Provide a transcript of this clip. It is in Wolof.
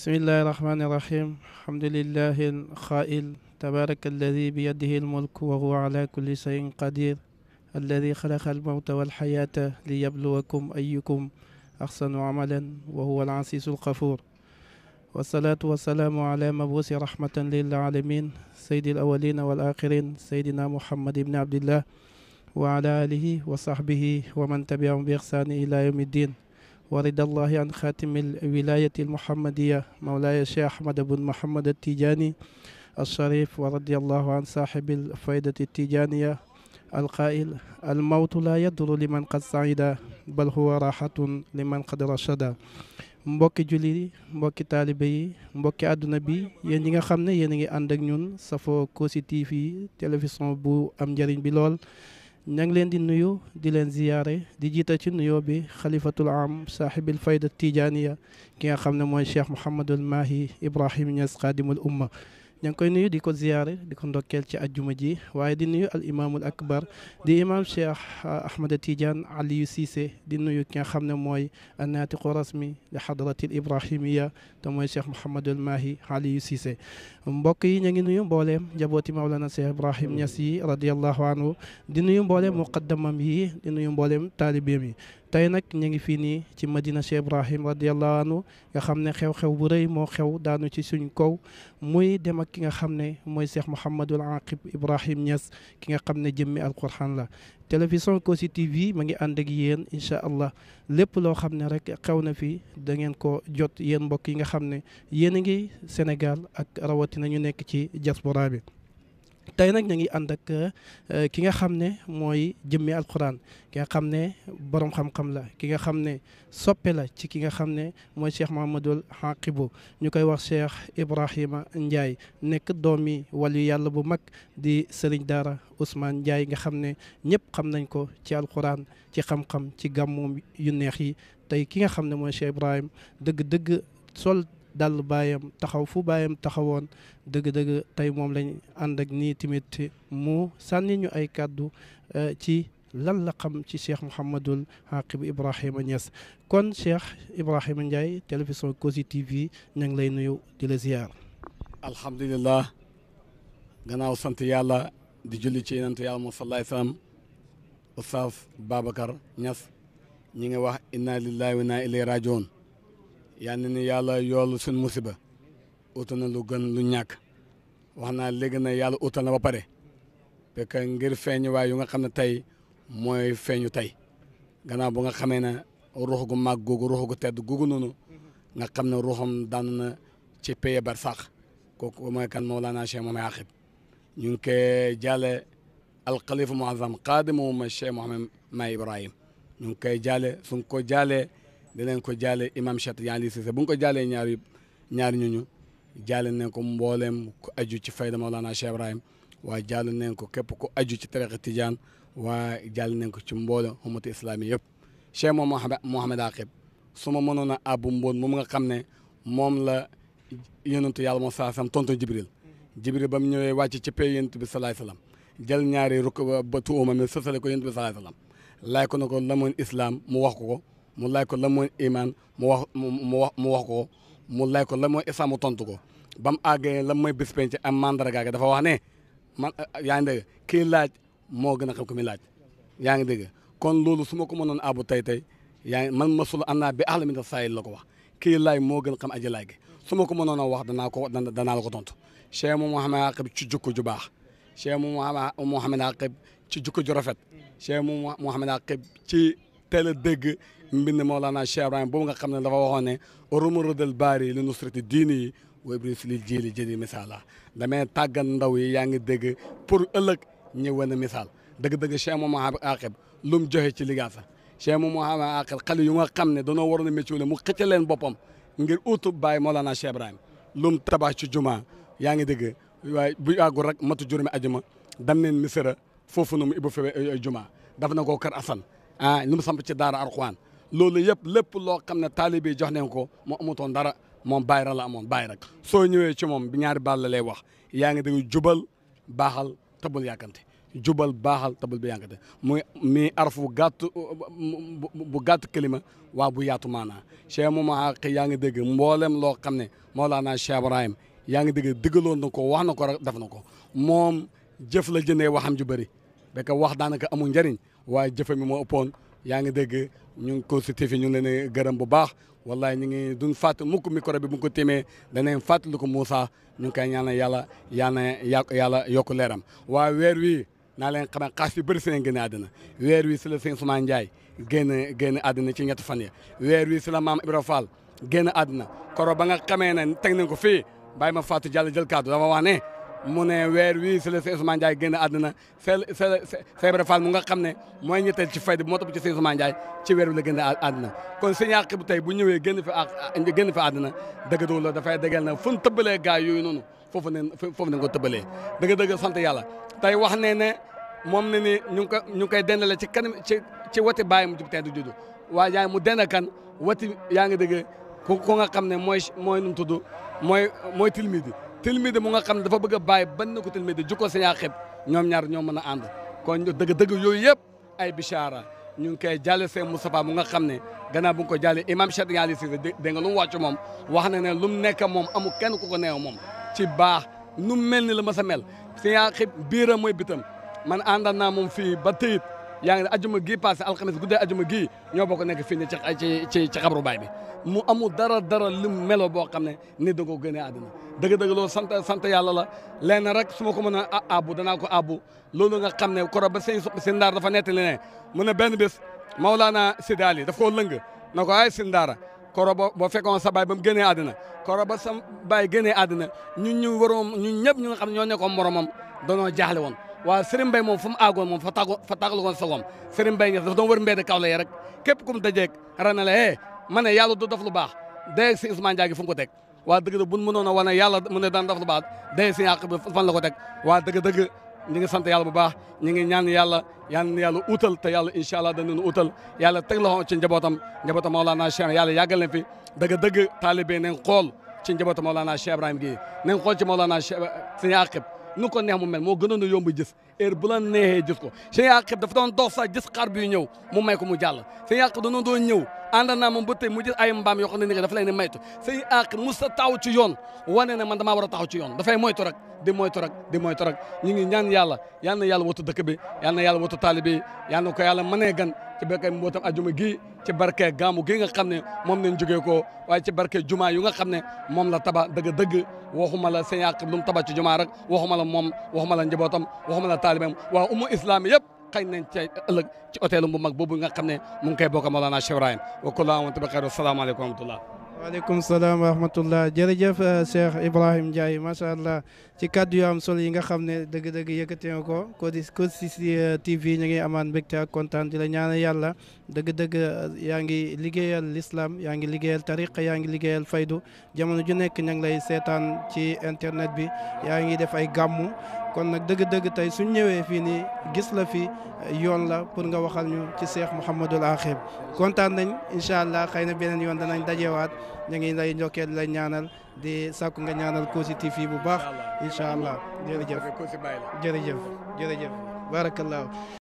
bismillahi irrahmani irrahim alhamdulilahi alxail tabaraka alladi biyadihi almulk wa huwa ala kulli cheyin qadir alladi xalaqa almawta walxayata liyabluwakum ayukum axsanu amalan wa huwa alasisu alxafur wasalaatu wasalaamu ala mabuusi rahmatan lilaalamin saydi alawalina walaxirin saydina muhammad ibni abdillah wa ala alihi wa sahbihi wa man tabiahum bi ixsaani ila yawmi ddin ورد الله عن خاتم الولاية المحمدية مولاي الشيخ أحمد بن محمد التيجاني الشريف ورضي الله عن صاحب الفائدة التيجانية القائل الموت لا يضر لمن قد سعد بل هو راحة لمن قد رشد mbokki jullit yi mbokki taalibe yi mbokki àdduna bi yéen ñi nga xam ne yéen a ngi ànd ak ñun safoo Kossy TV télévision bu am njëriñ bi lool ña ngi leen di nuyu di leen ziyaare di jiita ci nuyoo bi xalifatul am saaxibil fayda tijaaniya ki nga xam ne mooy cheikh Mouhamadul Mahi Ibrahim Niass xaadimul umma ña ngi koy nuyu di ko ziyaare di ko ndokkeel ci ajjuma ji waaye di nuyu al imaamul akbar di imaam cheikh ah, ahmada tidiane aliyu Cissé di nuyu ki nga xam ne mooy naatiqu rasmi li hadratil ibrahimiya te mooy cheikh mouhamadul mahi aliyu Cissé mbokk yi ñu ngi nuyu mbooleem njabooti mawlana cheikh ibrahim Niass yi radiallahu anhu di nuyu mbooleem muqaddamam yi di nuyu mbooleem taalibeem yi tey nag ñu ngi fii nii ci Madina Cheikh Ibrahim radiallahu anhu nga xam ne xew-xew bu rëy moo xew daanu ci suñ kaw muy dem ak ki nga xam ne mooy Cheikh Mouhamadul Aqib Ibrahim Niass ki nga xam ne jëmmi alquran la télévision Kossy TV ma ngi ànd ak yéen incha allah lépp loo xam ne rek xew na fi da ngeen ko jot yéen mbokk yi nga xam ne yéen a ngi Sénégal ak rawatina ñu nekk ci diaspora tey nag ñu ngi ànd ak euh, ki nga xam ne mooy jëmmi alquran ki nga xam ne borom xam la ki nga xam ne soppe la ci ki nga xam ne mooy cheikh Mahamadul boo ñu koy wax cheikh Ibrahima Ndiaye nekk doomi wàllu yàlla bu mag di sëriñ daara Ousmane Ndiaye nga xam ne ñëpp xam nañ ko ci alquran ci xam-xam ci gàmmoom yu neex yi tey ki nga xam ne mooy cheikh Ibrahima dëgg-dëgg sol. dal baayam taxaw fu baayam taxawoon dëgg-dëgg tey moom lañ ànd ak nii tamit mu sànni ñu ay kàddu eh, ci lan la xam ci cheikh Mouhamadul Haqib Ibrahima ñas kon cheikh Ibrahima Ndiaye télévision Kossy TV ña ngi lay nuyu di la ziar. alhamdulilah gannaaw sant yàlla di julli ci yonent yàlla moom salaay salaam Oustaz Babacar Niass ñi nga wax inna lillahi wa inna ilayhi rajiun yal na ni yàlla yoolu suñ musiba uta na lu gën lu ñàkk wax naa léegi na yàlla utal na ba pare fekk ngir feeñu waay yu nga xam ne tey mooy feeñu tey gannaaw bu nga xamee ne ruux gu màgg googu ruux gu tedd googu noonu nga xam ne ruuxam dan na ci paye bar sax kooku mooy kan Mawlana Cheikh Mohamed Aqib ñu ngi koy jaale alxalifa muazam xaadimu ma Cheikh Mohamed May Ibrahim ñu ngi jaale su ko jaalee dinañ ko jaale imam Cheikh Ali Cissé bu ñu ko jaalee ñaar yëpp ñaar ñuñu jaale nañ ko mbooleem ku aju ci fayda Mawlana Cheikh Ibrahim waa jaale nañ ko képp ko aju ci tariqa Tijaan waaye jaale nañ ko ci mboolem ummatu islaam yëpp Cheikh moom Mouhamed Aqib su ma mënoon a àbbu mboon moom nga xam ne moom la yonentu yàlla moo saasam tonton Jibril Jibril ba mu ñëwee wàcc ci pay yonent bi salaay salaam jël ñaari rukk ko yonent bi salaay ko na ko la moon islaam mu wax ko ko mu laaj ko lan mooy imaan mu wax mu wax mu wax ko mu laaj ko lan mooy isa mu tontu ko bam mu àggee lan mooy bis penc am mandarga ga dafa wax ne man eh, yaa laaj moo gën a xam ko mi laaj yaa ngi dégg kon loolu su ma ko mënoon àbbu tey tey yaa ngi man masul an naa bi ahla min saayil la ko wax kii laaj moo gën a xam aji laaj gi su ma ko mënoon a wax danaa ko danaa la ko tontu Cheikh Mouhamed Aqib ci jukko ju baax Cheikh Mouhamed Aqib ci jukko ju rafet Cheikh Mouhamed Aqib ci teel a dégg mbind Mawlana Cheikh Ibrahim boobu nga xam ne dafa waxoon ne rumarodal baari li nusrati diini yi way bri si li jili jëli misaala damay tàggat ndaw yi yaa ngi dégg pour ëllëg ñu wane misaal dëgg-dëgg Cheikh Mouhamed aa lu mu joxe ci liggéey sax Cheikh Mouhamed Aqib xale yu nga xam ne danoo waroon a métier mu xëcc leen boppam ngir utu bàyyi Mawlana Cheikh Ibrahim lu mu tabax ci jumaa yaa ngi dégg waaye bu yàggul rek matu juróomi ajuma dam neen misira foofu nu mu ibbu fe eh, juma daf na ko kër Assane ah lu mu samp ci daara Alxuraan loolu yëpp lépp loo xam ne taalibe yi jox nañ ko mu amutoon dara moom bàyyi rek la amoon bàyyi rek soo ñëwee ci moom bi ñaari baal la lay wax yaa ngi dégg jubal baaxal tabul yàkkante jubal baaxal tabul bi yàkkante muy mi arfu bu gàtt bu gàtt kalima waa bu yaatu maanaa mo moma yaa ngi dégg mboolem loo xam ne Mawlana Cheikh Ibrahim yaa ngi dégg diggaloon na ko wax na ko rek def na ko moom jëf la jëndee waxam ju bëri parce que wax daanaka amul njëriñ waaye jëfe mi moo ëppoon yaa ngi dégg ñu ngi constitué ñu ngi leen gërëm bu baax wallahi ñu ngi duñ fàtt mukk micro bi bu ko témee danañ fàttali ko Moussa ñu ngi koy ñaanal yàlla yàlla yàlla yokk leeram waa weer wi naa leen xamal xaas yu bëri si leen génn weer wi si la sëñ Ousmane Ndiaye génn génn àddina ci ñett fan ya weer wi si la maam Ibra Fall génn àddina koro ba nga na ne teg nañ ko fi bàyyi ma fàttu jàll jël kàddu dama wax mu weer wii si la si Ousmane Ndiaye génn àdduna seel seel Seybra Fall mu nga xam ne mooy ñetteel ci fayda bi moo topp ci si Ousmane Ndiaye ci weer wi la génn àdduna kon sëñ Yaqibu tey bu ñëwee génn fi ak génn fi àdduna dëgg la dafay dëggal na fu mu tëbbalee gaa yooyu noonu foofu ne foofu nañ ko tëbbalee dëgg-dëgg sant yàlla tey wax ne ne moom ne ni ñu ngi ko ñu ngi koy dendale ci kanam ci ci wati bàyyam jub tey du judd waaye yaa mu dend kan wati yaa ngi dëgg ku nga xam ne mooy mooy nu mu tudd mooy mooy tilmi tilmide mu nga xam ne dafa bëgg a bàyyi ban na ko tilmide ju ko sañaa xeb ñoom ñaar ñoo mën a ànd kon dëgg-dëgg yooyu yëpp ay bichara ñu ngi koy jàlle seen Moustapha mu nga xam ne gannaaw bu nga ko jàlle imam Cheikh Ali Cissé dégg nga lu mu wàcc moom wax na ne lu mu nekk moom amul kenn ku ko neew moom ci baax nu mel ni la ma sa mel sañaa xeb biiram mooy bitam man àndal naa moom fii ba tëyit yaa ngi ne ajuma gii passé alxames guddee ajuma gii ñoo bokk nekk fii ne ci ci ci xabru baay bi mu amul dara dara lim melo boo xam ne nit da ko génnee àddina dëgg-dëgg loolu sant sant yàlla la lenn rek su ma ko mën a abbu danaa ko abbu loolu nga xam ne koro ba seen seen ndaar dafa nettali ne mu ne benn bés Maulana Sidaali daf koo lëng na ko ay sindaara koro bo boo fekkoon sa baay ba mu génnee àddina koro ba sa baay génnee àddina ñun ñu waroon ñun ñëpp ñu nga xam ne ñoo nekkoon moromam danoo jaaxle woon waaw Serigne Mbaye moom fu mu aagoon moom fa tàggoo fa tàggaloon sagoom Serigne Mbaye ñes dafa doon wër mbedd Kaolack rek képp kum dajeeg rana la eh ma ne yàlla du def lu baax dayeg si Ousmane Diagne fu mu ko teg waa dëgg dëgg buñ mënoon a wane yàlla mu ne daan def lu baax dayeg si yàq fan la ko teg waa dëgg dëgg ñi ngi sant yàlla bu baax ñi ngi ñaan yàlla yal na yàlla utal te yàlla incha allah danañu utal yàlla teg loxo ci njabootam njabootam la Cheikh yàlla yàggal leen fi dëgg dëgg taalibe nañ xool ci njabootam Maolana Cheikh Ibrahima gi nañ xool ci Maolana Cheikh Sëñ Aqib nu ko neex mu mel moo gënoon a yomb gis heure bu la neexee gis ko sëñ Yaqub dafa doon dox sax gis xar bi ñëw mu may ko mu jàll sëñ Yaqub danoon doon ñëw ànd naa moom ba mu gis ay mbaam yoo xam ne ni dafa leen di maytu sëñ mu sa taw ci yoon wane ne man damaa war a taxaw yoon dafay moytu rek di di moytu rek ñu ñaan yàlla yal na dëkk bi yal na yàlla watu taalibe ko yàlla mënee gan ci béykat mbootam ajuma gii ci barke gaamu gi nga xam ne moom lañ jógee ko waaye ci barke jumaa yu nga xam ne moom la taba dëgg-dëgg waxuma la seen yàq lu mu taba ci juma rek waxuma la moom waxuma la njabootam waxuma la taalibeem waa umu islaam yëpp xañ nañ ca ëllëg ci hôtel bu mag boobu nga xam ne mu ngi koy bokk Mawlana Cheikh Ibrahim wa kullu aam wa antum bi xayr salaamu aleykum wa rahmatullah waaleykum salaam wa rahmatullah jërëjëf euh, Cheikh Ibrahim Ndiaye macha allah ci kaddu yu am yi nga xam ne dëgg-dëgg yëkkati nga ko Kossy Kossy euh, TV ñu ngi amaan mbégte ak kontaan di la ñaanal yàlla dëgg-dëgg euh, yaa ngi liggéeyal lislaam yaa ngi liggéeyal tariq yaa ngi liggéeyal faydu jamono ju nekk ña lay seetaan ci internet bi yaa ngi def ay gàmmu kon nag dëgg-dëgg tey suñ ñëwee fii nii gis la fi eh, yoon la pour nga waxal ñu ci Cheikh Mouhamadul Akhir kontaan nañ incha allah xëy na beneen yoon danañ dajewaat ñu ngi lay njokkeel lay ñaanal di sàkku nga ñaanal Kossy TV bu baax incha allah jërëjëf jërëjëf jërëjëf barakallahu